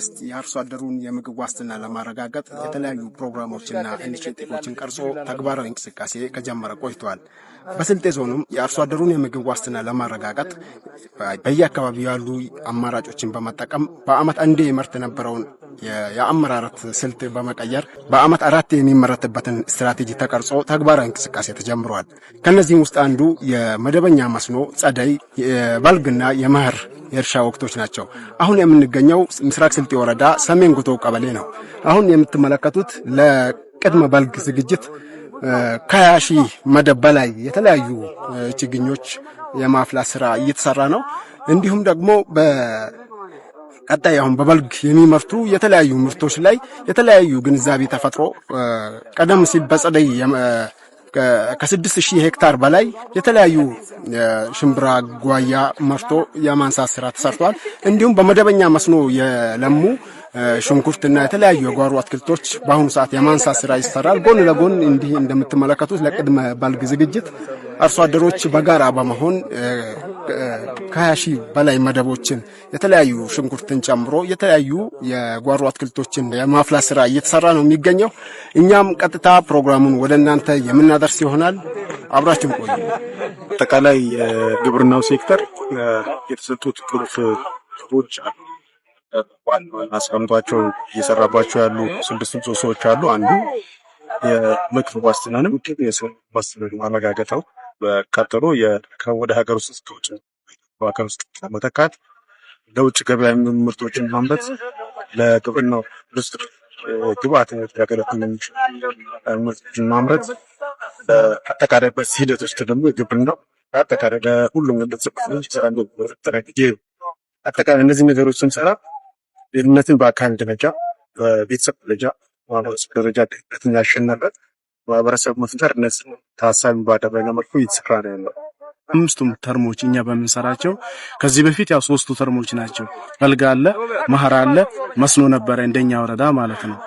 መንግስት የአርሶ አደሩን የምግብ ዋስትና ለማረጋገጥ የተለያዩ ፕሮግራሞችና ኢኒሼቲቮችን ቀርጾ ተግባራዊ እንቅስቃሴ ከጀመረ ቆይተዋል። በስልጤ ዞኑም የአርሶ አደሩን የምግብ ዋስትና ለማረጋገጥ በየአካባቢው ያሉ አማራጮችን በመጠቀም በዓመት አንዴ ይመረት የነበረውን የአመራረት ስልት በመቀየር በአመት አራት የሚመረትበትን ስትራቴጂ ተቀርጾ ተግባራዊ እንቅስቃሴ ተጀምሯል። ከእነዚህም ውስጥ አንዱ የመደበኛ መስኖ፣ ጸደይ፣ የበልግና የመኸር የእርሻ ወቅቶች ናቸው። አሁን የምንገኘው ምስራቅ ስልጤ ወረዳ ሰሜን ጉቶ ቀበሌ ነው። አሁን የምትመለከቱት ለቅድመ በልግ ዝግጅት ከሀያ ሺህ መደብ በላይ የተለያዩ ችግኞች የማፍላት ስራ እየተሰራ ነው። እንዲሁም ደግሞ ቀጣይ አሁን በበልግ የሚመፍቱ የተለያዩ ምርቶች ላይ የተለያዩ ግንዛቤ ተፈጥሮ ቀደም ሲል በጸደይ ከስድስት ሺህ ሄክታር በላይ የተለያዩ ሽምብራ፣ ጓያ መፍቶ የማንሳት ስራ ተሰርቷል። እንዲሁም በመደበኛ መስኖ የለሙ ሽንኩርትና የተለያዩ የጓሮ አትክልቶች በአሁኑ ሰዓት የማንሳት ስራ ይሰራል። ጎን ለጎን እንዲህ እንደምትመለከቱት ለቅድመ በልግ ዝግጅት አርሶ አደሮች በጋራ በመሆን ከሀያ ሺህ በላይ መደቦችን የተለያዩ ሽንኩርትን ጨምሮ የተለያዩ የጓሮ አትክልቶችን የማፍላት ስራ እየተሰራ ነው የሚገኘው። እኛም ቀጥታ ፕሮግራሙን ወደ እናንተ የምናደርስ ይሆናል። አብራችን ቆዩ። አጠቃላይ የግብርናው ሴክተር የተሰጡት ቁልፍ ግቦች አሉ። አስቀምጧቸው እየሰራባቸው ያሉ ስድስት ምሰሶዎች አሉ። አንዱ የምግብ ዋስትናንም የሰው ዋስትናን ማረጋገጠው ቀጥሎ ወደ ሀገር ውስጥ ከውጭ ውጭ በሀገር ውስጥ መተካት ለውጭ ገበያ ምርቶችን ማምረት ለግብርናው ኢንዱስትሪ ግብአት ያገለግሉ ምርቶችን ማምረት አጠቃላይ በዚህ ሂደት ውስጥ ደግሞ የግብርናው አጠቃላይ ለሁሉም አጠቃላይ እነዚህ ነገሮች ስንሰራ ድህነትን በአካል ደረጃ በቤተሰብ ደረጃ በማህበረሰብ ደረጃ ድህነትን ያሸነፈ ማህበረሰብ መፍጠር እነሱ ታሳቢ ባደረገ መልኩ እየተሰራ ነው ያለው። አምስቱም ተርሞች እኛ በምንሰራቸው ከዚህ በፊት ያው ሶስቱ ተርሞች ናቸው። አልጋ አለ፣ መኸር አለ፣ መስኖ ነበረ እንደኛ ወረዳ ማለት ነው።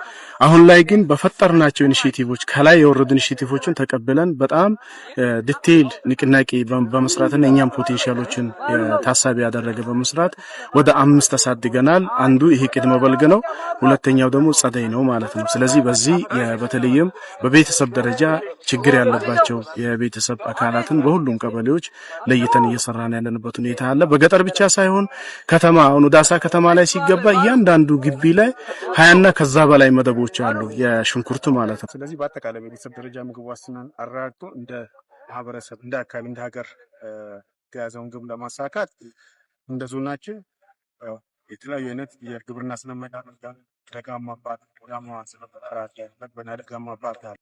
አሁን ላይ ግን በፈጠርናቸው ኢኒሼቲቮች ከላይ የወረዱ ኢኒሼቲቮችን ተቀብለን በጣም ዲቴይል ንቅናቄ በመስራትና እኛም ፖቴንሻሎችን ታሳቢ ያደረገ በመስራት ወደ አምስት አሳድገናል። አንዱ ይሄ ቅድመ በልግ ነው። ሁለተኛው ደግሞ ጸደይ ነው ማለት ነው። ስለዚህ በዚህ በተለይም በቤተሰብ ደረጃ ችግር ያለባቸው የቤተሰብ አካላትን በሁሉም ቀበሌዎች ለይተን እየሰራን ያለንበት ሁኔታ አለ። በገጠር ብቻ ሳይሆን ከተማ አሁን ዳሳ ከተማ ላይ ሲገባ እያንዳንዱ ግቢ ላይ ሀያና ከዛ በላይ መደቦች ነገሮች አሉ፣ የሽንኩርቱ ማለት ነው። ስለዚህ በአጠቃላይ በቤተሰብ ደረጃ ምግብ ዋስትናን አረጋግጦ እንደ ማህበረሰብ፣ እንደ አካባቢ፣ እንደ ሀገር የያዘውን ግብ ለማሳካት እንደ ዞናችን የተለያዩ አይነት የግብርና ስለመዳ ደጋማ ባት ዳማ ስለመጠራት በናደጋማ ባት አለ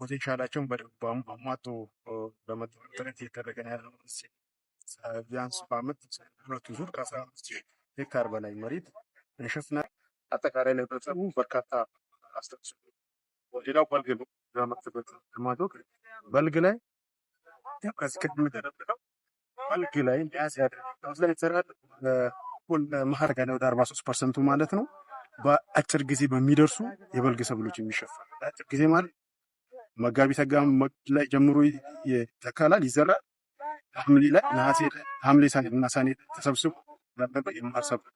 ፖቴንሻላቸውን በደንብ አሟጦ ለመጠቀም ጥረት እየተደረገ ያለው ቢያንስ በአመት ሁለቱ ዙር ከአስራ አምስት ሄክታር በላይ መሬት እንሸፍናል። አጠቃላይ ለህብረተሰቡ በርካታ ሌላው በልግ በልግ ላይ በልግ ላይ ወደ አርባ ሶስት ፐርሰንቱ ማለት ነው በአጭር ጊዜ በሚደርሱ የበልግ ሰብሎች የሚሸፈን አጭር ጊዜ ማለት መጋቢት መጋቢት ላይ ጀምሮ ይተከላል፣ ይዘራል። ሐምሌ ላይ ነሐሴ፣ ሐምሌ እና ሰኔ ተሰብስቦ የማር ሰብል፣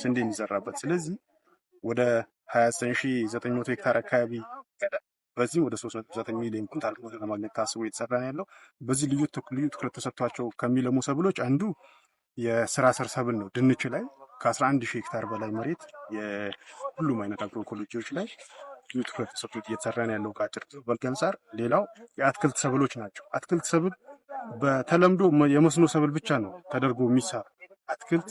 ስንዴ የሚዘራበት ስለዚህ ወደ 29900 ሄክታር አካባቢ ይቀዳል። በዚህ ወደ 39 ሚሊዮን ኩንታል ለማግኘት ታስቦ እየተሰራ ነው ያለው። በዚህ ልዩ ትኩረት ተሰጥቷቸው ከሚለሙ ሰብሎች አንዱ የስራ ስር ሰብል ነው። ድንች ላይ ከ11 ሺህ ሄክታር በላይ መሬት የሁሉም አይነት አግሮ ኢኮሎጂዎች ላይ ልዩ ትኩረት ተሰጥቶት እየተሰራ ነው ያለው ከአጭር በልግ አንጻር። ሌላው የአትክልት ሰብሎች ናቸው። አትክልት ሰብል በተለምዶ የመስኖ ሰብል ብቻ ነው ተደርጎ የሚሰራ አትክልት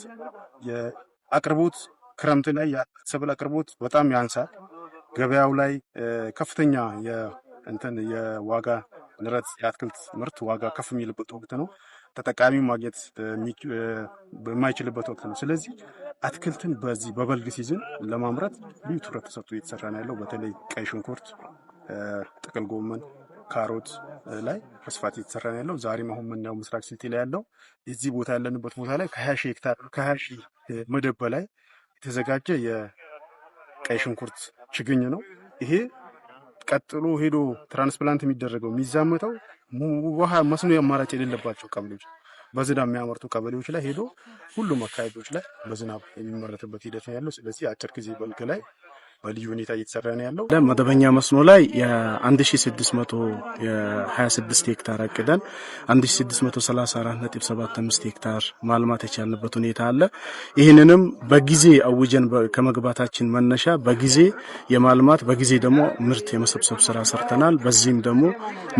የአቅርቦት ክረምት ላይ ሰብል አቅርቦት በጣም ያንሳል። ገበያው ላይ ከፍተኛ እንትን የዋጋ ንረት የአትክልት ምርት ዋጋ ከፍ የሚልበት ወቅት ነው። ተጠቃሚ ማግኘት የማይችልበት ወቅት ነው። ስለዚህ አትክልትን በዚህ በበልግ ሲዝን ለማምረት ልዩ ትኩረት ተሰጥቶ እየተሰራ ነው ያለው። በተለይ ቀይ ሽንኩርት፣ ጥቅል ጎመን፣ ካሮት ላይ በስፋት እየተሰራ ነው ያለው። ዛሬም አሁን የምናየው ምስራቅ ሲቲ ላይ ያለው እዚህ ቦታ ያለንበት ቦታ ላይ ከሀያ ሺህ ሄክታር ከሀያ ሺህ መደብ በላይ የተዘጋጀ የቀይ ሽንኩርት ችግኝ ነው ይሄ። ቀጥሎ ሄዶ ትራንስፕላንት የሚደረገው የሚዛመተው ውሃ መስኖ አማራጭ የሌለባቸው ቀበሌዎች በዝናብ የሚያመርቱ ቀበሌዎች ላይ ሄዶ ሁሉም አካባቢዎች ላይ በዝናብ የሚመረትበት ሂደት ነው ያለው። ስለዚህ አጭር ጊዜ በልግ ላይ በልዩ ሁኔታ እየተሰራ ነው ያለው። መደበኛ መስኖ ላይ የ1626 ሄክታር አቅደን 1634.75 ሄክታር ማልማት የቻልንበት ሁኔታ አለ። ይህንንም በጊዜ አውጀን ከመግባታችን መነሻ በጊዜ የማልማት በጊዜ ደግሞ ምርት የመሰብሰብ ስራ ሰርተናል። በዚህም ደግሞ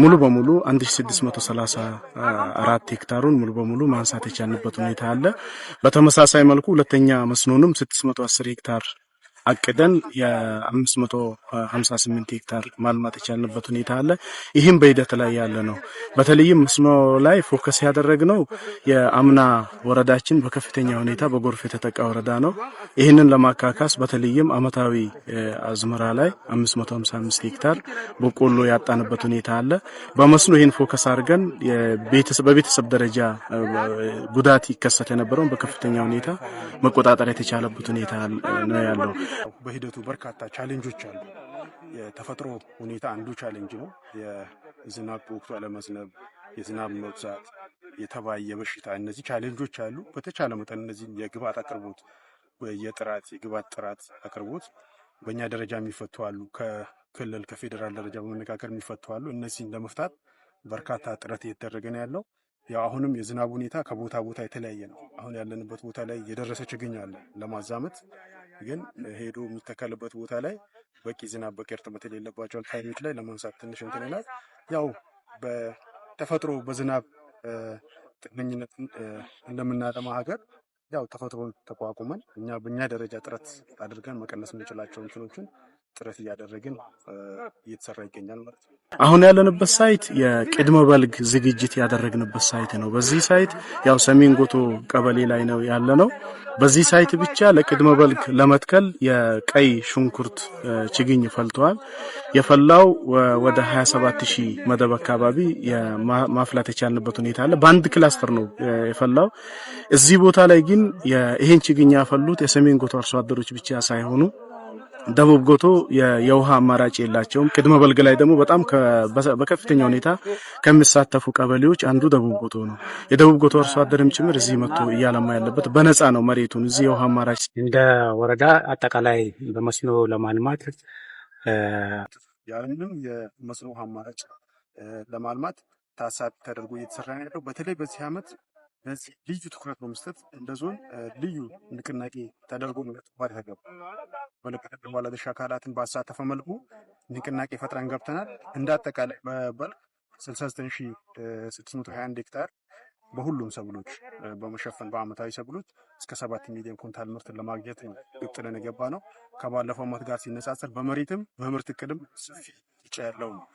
ሙሉ በሙሉ 1634 ሄክታሩን ሙሉ በሙሉ ማንሳት የቻልንበት ሁኔታ አለ። በተመሳሳይ መልኩ ሁለተኛ መስኖንም 610 ሄክታር አቅደን የ558 ሄክታር ማልማት የቻልንበት ሁኔታ አለ። ይህም በሂደት ላይ ያለ ነው። በተለይም መስኖ ላይ ፎከስ ያደረግነው የአምና ወረዳችን በከፍተኛ ሁኔታ በጎርፍ የተጠቃ ወረዳ ነው። ይህንን ለማካካስ በተለይም አመታዊ አዝመራ ላይ 555 ሄክታር በቆሎ ያጣንበት ሁኔታ አለ። በመስኖ ይህን ፎከስ አድርገን በቤተሰብ ደረጃ ጉዳት ይከሰት የነበረውን በከፍተኛ ሁኔታ መቆጣጠር የተቻለበት ሁኔታ ነው ያለው። በሂደቱ በርካታ ቻሌንጆች አሉ። የተፈጥሮ ሁኔታ አንዱ ቻሌንጅ ነው። የዝናብ በወቅቱ አለመዝነብ፣ የዝናብ መብዛት፣ የተባይ የበሽታ እነዚህ ቻሌንጆች አሉ። በተቻለ መጠን እነዚህ የግብአት አቅርቦት የጥራት የግብአት ጥራት አቅርቦት በእኛ ደረጃ የሚፈቱ አሉ። ከክልል ከፌዴራል ደረጃ በመነጋገር የሚፈቱ አሉ። እነዚህን ለመፍታት በርካታ ጥረት እየተደረገ ነው ያለው። ያው አሁንም የዝናብ ሁኔታ ከቦታ ቦታ የተለያየ ነው። አሁን ያለንበት ቦታ ላይ የደረሰ ችግኝ አለ ለማዛመት ግን ሄዶ የሚተከልበት ቦታ ላይ በቂ ዝናብ፣ በቂ እርጥበት የሌለባቸው አካባቢዎች ላይ ለማንሳት ትንሽ እንትን ይላል። ያው በተፈጥሮ በዝናብ ጥገኝነት እንደምናለማ ሀገር ያው ተፈጥሮን ተቋቁመን እኛ በእኛ ደረጃ ጥረት አድርገን መቀነስ የምንችላቸው እንትኖችን ጥረት እያደረግን እየተሰራ ይገኛል ማለት ነው። አሁን ያለንበት ሳይት የቅድመ በልግ ዝግጅት ያደረግንበት ሳይት ነው። በዚህ ሳይት ያው ሰሜን ጎቶ ቀበሌ ላይ ነው ያለ ነው። በዚህ ሳይት ብቻ ለቅድመ በልግ ለመትከል የቀይ ሽንኩርት ችግኝ ፈልተዋል። የፈላው ወደ 27 ሺህ መደብ አካባቢ ማፍላት የቻልንበት ሁኔታ አለ። በአንድ ክላስተር ነው የፈላው። እዚህ ቦታ ላይ ግን ይህን ችግኝ ያፈሉት የሰሜን ጎቶ አርሶ አደሮች ብቻ ሳይሆኑ ደቡብ ጎቶ የውሃ አማራጭ የላቸውም። ቅድመ በልግ ላይ ደግሞ በጣም በከፍተኛ ሁኔታ ከሚሳተፉ ቀበሌዎች አንዱ ደቡብ ጎቶ ነው። የደቡብ ጎቶ አርሶ አደርም ጭምር እዚህ መጥቶ እያለማ ያለበት በነፃ ነው መሬቱን። እዚህ የውሃ አማራጭ እንደ ወረዳ አጠቃላይ በመስኖ ለማልማት ያንንም የመስኖ ውሃ አማራጭ ለማልማት ታሳቢ ተደርጎ እየተሰራ ያለው በተለይ በዚህ ዓመት በዚህ ልዩ ትኩረት በመስጠት እንደ ዞን ልዩ ንቅናቄ ተደርጎ መግባት ተገባ። መለከተት ባለድርሻ አካላትን ባሳተፈ መልኩ ንቅናቄ ፈጥረን ገብተናል። እንዳጠቃላይ አጠቃላይ በበልክ 69621 ሄክታር በሁሉም ሰብሎች በመሸፈን በአመታዊ ሰብሎች እስከ ሰባት ሚሊዮን ኩንታል ምርትን ለማግኘት ነው ጥለን የገባ ነው። ከባለፈው ዓመት ጋር ሲነጻጸር በመሬትም በምርት እቅድም ሰፊ ይጫ ያለው ነው።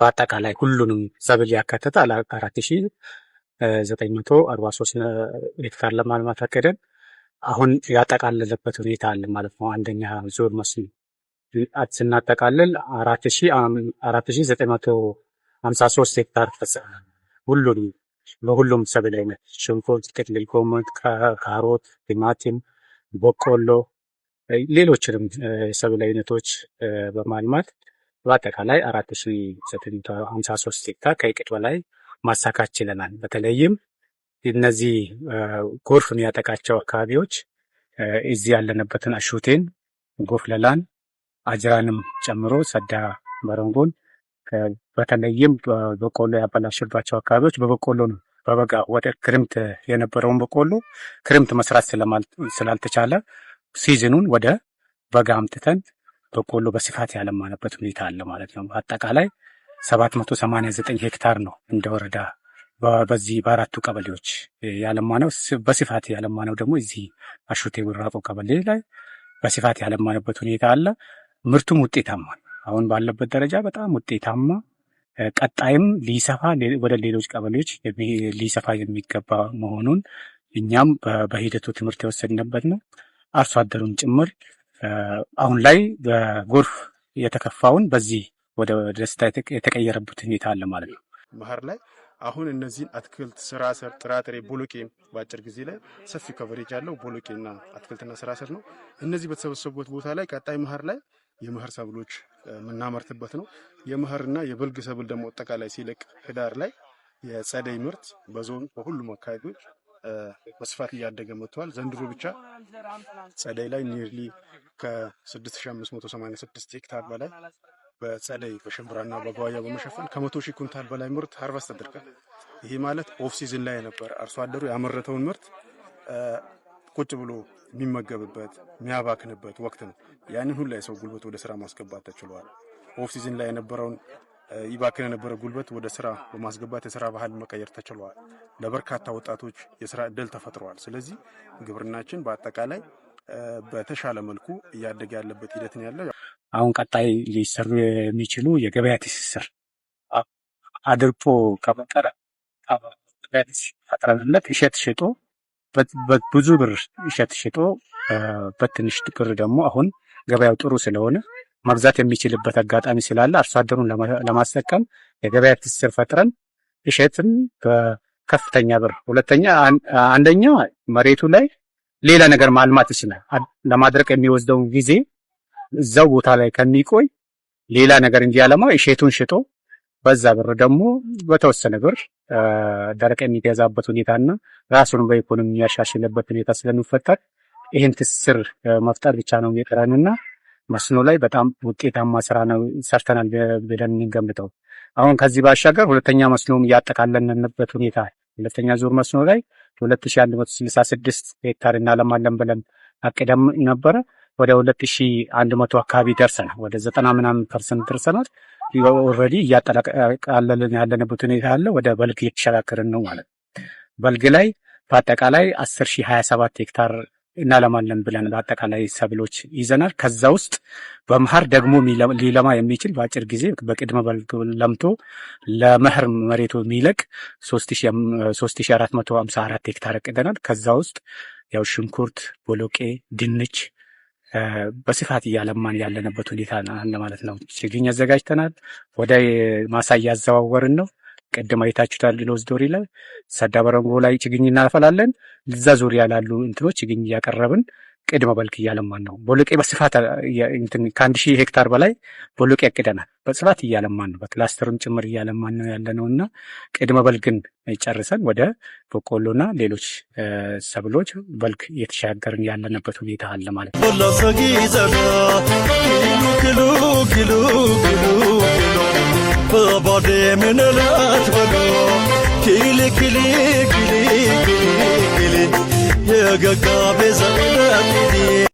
በአጠቃላይ ሁሉንም ሰብል ያካተተ አራት ሺህ 943 ሄክታር ለማልማት ማፈቀደን አሁን ያጠቃለለበት ሁኔታ አለ ማለት ነው። አንደኛ ዙር መስኖ ስናጠቃልል 4953 ሄክታር ፈጸመ። ሁሉም በሁሉም ሰብል አይነት ሽንኩርት፣ ጥቅል ጎመን፣ ካሮት፣ ቲማቲም፣ በቆሎ፣ ሌሎችንም ሰብል አይነቶች በማልማት በአጠቃላይ 4953 ሄክታር ከእቅድ በላይ ማሳካት ችለናል። በተለይም እነዚህ ጎርፍ የሚያጠቃቸው አካባቢዎች እዚህ ያለንበትን አሹቴን፣ ጎፍለላን፣ አጅራንም ጨምሮ ሰዳ በረንጎን በተለይም በቆሎ ያበላሽባቸው አካባቢዎች በበቆሎ ነው በበጋ ወደ ክርምት የነበረውን በቆሎ ክርምት መስራት ስላልተቻለ ሲዝኑን ወደ በጋ አምጥተን በቆሎ በስፋት ያለማነበት ሁኔታ አለ ማለት ነው። አጠቃላይ 789 ሄክታር ነው እንደ ወረዳ በዚህ በአራቱ ቀበሌዎች ያለማ ነው። በስፋት ያለማ ነው ደግሞ እዚህ አሹቴ ውራቆ ቀበሌ ላይ በስፋት ያለማነበት ሁኔታ አለ። ምርቱም ውጤታማ አሁን ባለበት ደረጃ በጣም ውጤታማ ቀጣይም ሊሰፋ ወደ ሌሎች ቀበሌዎች ሊሰፋ የሚገባ መሆኑን እኛም በሂደቱ ትምህርት የወሰድንበት ነው። አርሶ አደሩም ጭምር አሁን ላይ በጎርፍ የተከፋውን በዚህ ወደ ደስታ የተቀየረበት ሁኔታ አለ ማለት ነው። መኸር ላይ አሁን እነዚህን አትክልት ስራ ስር ጥራጥሬ ቦሎቄ በአጭር ጊዜ ላይ ሰፊ ከቨሬጅ ያለው ቦሎቄና አትክልትና ስራ ስር ነው። እነዚህ በተሰበሰቡበት ቦታ ላይ ቀጣይ መኸር ላይ የመኸር ሰብሎች የምናመርትበት ነው። የመኸርና የበልግ ሰብል ደግሞ አጠቃላይ ሲለቅ ህዳር ላይ የጸደይ ምርት በዞን በሁሉም አካባቢዎች በስፋት እያደገ መጥተዋል። ዘንድሮ ብቻ ጸደይ ላይ ኒርሊ ከ6586 ሄክታር በላይ በጸደይ በሽምብራና በጓያ በመሸፈን ከመቶ ሺህ ኩንታል በላይ ምርት ሀርቨስት አድርገን ይህ ማለት ኦፍ ሲዝን ላይ ነበር አርሶ አደሩ ያመረተውን ምርት ቁጭ ብሎ የሚመገብበት የሚያባክንበት ወቅት ነው። ያንን ሁላ የሰው ጉልበት ወደ ስራ ማስገባት ተችሏል። ኦፍ ሲዝን ላይ የነበረውን ይባክን የነበረ ጉልበት ወደ ስራ በማስገባት የስራ ባህል መቀየር ተችሏል። ለበርካታ ወጣቶች የስራ እድል ተፈጥሯል። ስለዚህ ግብርናችን በአጠቃላይ በተሻለ መልኩ እያደገ ያለበት ሂደት ነው ያለው። አሁን ቀጣይ ሊሰሩ የሚችሉ የገበያ ትስስር አድርጎ ከመጠረ ፈጥረንነት እሸት ሽጦ ብዙ ብር እሸት ሽጦ በትንሽ ብር ደግሞ አሁን ገበያው ጥሩ ስለሆነ መግዛት የሚችልበት አጋጣሚ ስላለ አርሶ አደሩን ለማስጠቀም የገበያ ትስስር ፈጥረን እሸትን በከፍተኛ ብር፣ ሁለተኛ አንደኛ መሬቱ ላይ ሌላ ነገር ማልማት ይችላል። ለማድረቅ የሚወስደውን ጊዜ እዛው ቦታ ላይ ከሚቆይ ሌላ ነገር እንጂ ዓላማው እሼቱን ሽጦ በዛ ብር ደግሞ በተወሰነ ብር ደረቅ የሚገዛበት ሁኔታና ራሱን በኢኮኖሚ የሚያሻሽልበት ሁኔታ ስለሚፈጠር ይህን ትስስር መፍጠር ብቻ ነው የቀረንና መስኖ ላይ በጣም ውጤታማ ስራ ነው ሰርተናል ብለን የምንገምተው። አሁን ከዚህ ባሻገር ሁለተኛ መስኖም እያጠቃለንበት ሁኔታ ሁለተኛ ዙር መስኖ ላይ 2166 ሄክታር እናለማለን ብለን አቅደም ነበረ። ወደ ሁለት ሺ አንድ መቶ አካባቢ ደርሰናል። ወደ ዘጠና ምናምን ፐርሰንት ደርሰናል። ኦልሬዲ እያጠቃለልን ያለንበት ሁኔታ ያለ ወደ በልግ እየተሸጋገርን ነው ማለት ነው። በልግ ላይ በአጠቃላይ አስር ሺ ሀያ ሰባት ሄክታር እናለማለን ብለን በአጠቃላይ ሰብሎች ይዘናል። ከዛ ውስጥ በመኸር ደግሞ ሊለማ የሚችል በአጭር ጊዜ በቅድመ በልግ ለምቶ ለመኸር መሬቱ የሚለቅ ሶስት ሺ አራት መቶ አራት ሄክታር እቅደናል። ከዛ ውስጥ ያው ሽንኩርት፣ ቦሎቄ፣ ድንች በስፋት እያለማን ያለንበት ሁኔታ ማለት ነው። ችግኝ አዘጋጅተናል። ወደ ማሳ እያዘዋወርን ነው። ቅድም አይታችሁታል። ሎዝ ዶሪ ላይ ሰዳ በረንጎ ላይ ችግኝ እናፈላለን። እዛ ዙሪያ ላሉ እንትኖች ችግኝ እያቀረብን ቅድመ በልግ እያለማን ነው። ቦሎቄ በስፋት ከአንድ ሺህ ሄክታር በላይ ቦሎቄ ያቅደናል። በስፋት እያለማን ነው። በክላስተርም ጭምር እያለማን ነው ያለ ነው እና ቅድመ በልግን ጨርሰን ወደ በቆሎና ሌሎች ሰብሎች በልግ እየተሻገርን ያለንበት ሁኔታ አለ ማለት ነው። የገጋ ቤዛ